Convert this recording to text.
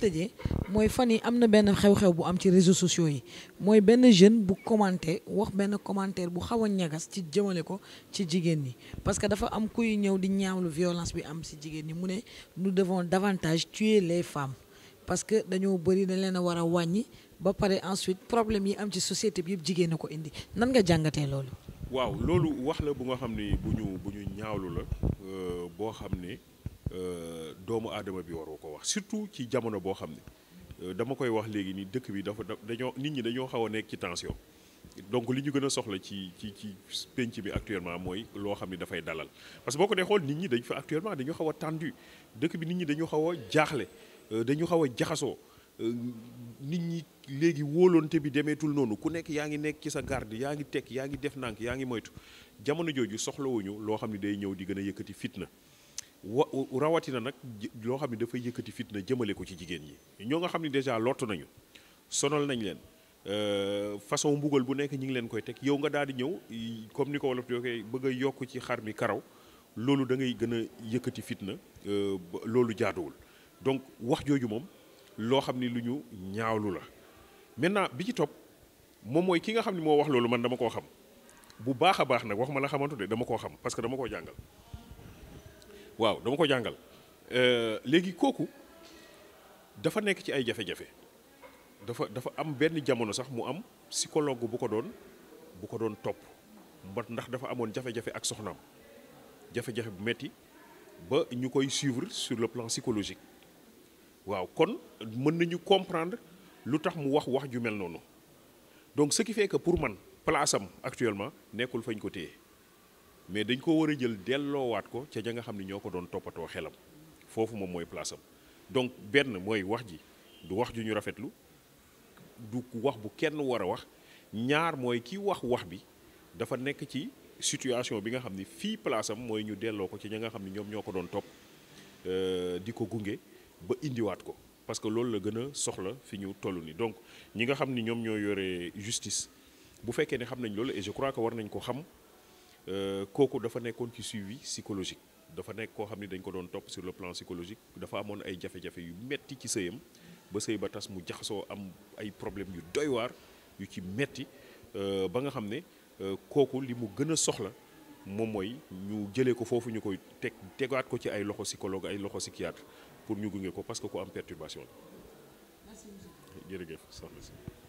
tëjee mooy fan yi am na benn xew-xew bu am ci réseaux sociaux yi mooy benn jeune bu commenté wax benn commentaire bu xaw a ñagas ci jëmale ko ci jigéen ñi parce que dafa am kuy ñëw di lu violence bi am ci jigéen ñi mu ne nous devons davantage tuer les femmes parce que dañoo bëri dañ leen a war a wàññi ba pare ensuite problème yi am ci société bi yëpp jigéen ko indi nan nga jàngatee loolu waaw loolu wax la bu nga xam ni bu ñu bu ñu ñaawlu la euh, boo xam ne euh, doomu aadama bi waroo ko wax surtout ci jamono boo xam ne euh, dama koy wax léegi nii dëkk bi dafa dañoo nit ñi dañoo xaw a nekk ci tension donc li ñu gën a soxla ci ci ci penc bi actuellement mooy loo xam ne dafay dalal parce que boo ko dee xool nit ñi dañ fa actuellement dañu xaw a tendu dëkk bi nit ñi dañu xaw a jaaxle dañu xaw a jaxasoo nit ñi léegi wóolonte bi demeetul noonu ku nekk yaa ngi nekk ci sa garde yaa ngi tekk yaa ngi def nànk yaa ngi moytu jamono jooju soxlawuñu loo xam ne day ñëw di gën a yëkkati fitna wa rawatina nag loo xam ne dafay yëkkati fitna jëmale ko ci jigéen ñi ñoo nga xam ne déjà lottu nañu sonal nañ leen euh, façon mbugal bu nekk ñi ngi leen koy teg yow nga daal di ñëw comme ni ko wolof yoo koy bëgg a yokk ci xar mi karaw loolu da ngay gën a yëkkati fitna euh, loolu jaaduwul donc wax jooju moom loo xam ni lu ñu ñaawlu la maintenant bi ci topp moom mooy ki nga xam ne moo wax loolu man dama koo xam bu baax a baax nag wax ma la xamantu de dama koo xam parce que dama koo jàngal waaw dama ko jàngal euh, léegi kooku dafa nekk ci ay jafe-jafe dafa dafa am benn jamono sax mu am psychologue bu ko doon bu ko doon topp mbat ndax dafa amoon jafe-jafe ak soxnaam jafe-jafe bu metti ba ñu koy suivre sur le plan psychologique waaw kon mën nañu comprendre lu tax mu wax wax ju mel noonu donc ce qui fait que pour man place am actuellement nekkul fañ ko téye mais dañ ko war a jël delloowaat ko ca ja nga xam ne ñoo ko doon toppatoo xelam foofu moom mooy place donc benn mooy wax ji du wax ju ñu rafetlu du wax bu kenn war a wax ñaar mooy ki wax wax bi dafa nekk ci situation bi nga xam ni fii place am mooy ñu delloo ko ci ña nga xam ni ñoom ñoo ko doon topp euh, di ko gunge ba indiwaat ko parce que loolu la gën a soxla fi ñu tollu nii donc ñi nga xam ni ñoom ñoo yore justice bu fekkee ne xam nañ loolu et je crois que war nañ ko xam euh, kooku dafa nekkoon ci suivi psychologique dafa nekk koo xam ni dañ ko doon topp sur le plan psychologique dafa amoon ay jafe-jafe yu metti ci sëyam ba sëy ba tas mu jaxasoo am ay problème yu doy waar yu ci metti euh, ba nga xam ne euh, kooku li mu gën a soxla moom mooy ñu jëlee ko foofu ñu koy teg tegaat ko ci ay loxo psychologue ay loxo psychiatre pour ñu gunge ko parce que ku am perturbation la jërëjëf soxna si